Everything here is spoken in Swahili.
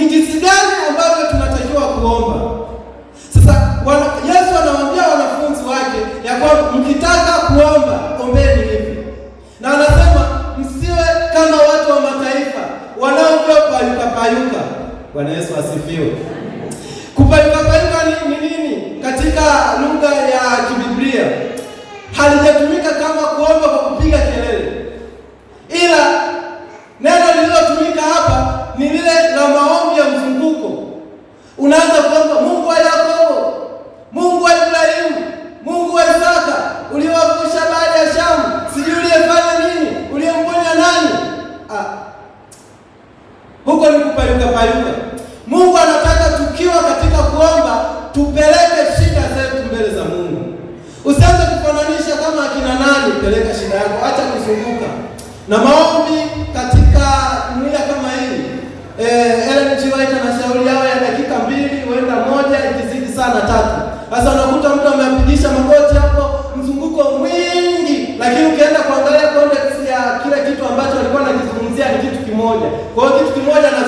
ni jinsi gani ambavyo tunatakiwa kuomba. Sasa wana, Yesu anawaambia wanafunzi wake ya kwamba mkitaka kuomba ombeni hivi, na anasema msiwe kama watu wa mataifa wanaopea kupayuka payuka. Bwana Yesu asifiwe. Kupayuka payuka nini? huko ni kupayuka payuka. Mungu anataka tukiwa katika kuomba tupeleke shida zetu mbele za Mungu. Usianze kufananisha kama akina nani, peleka shida yako, acha kuzunguka na maombi katika mila kama hii. Eh, Ellen G. White anashauri yao ya dakika mbili, huenda moja, ikizidi sana tatu. Sasa unakuta mtu amepigisha magoti Qual Kwa hiyo kitu na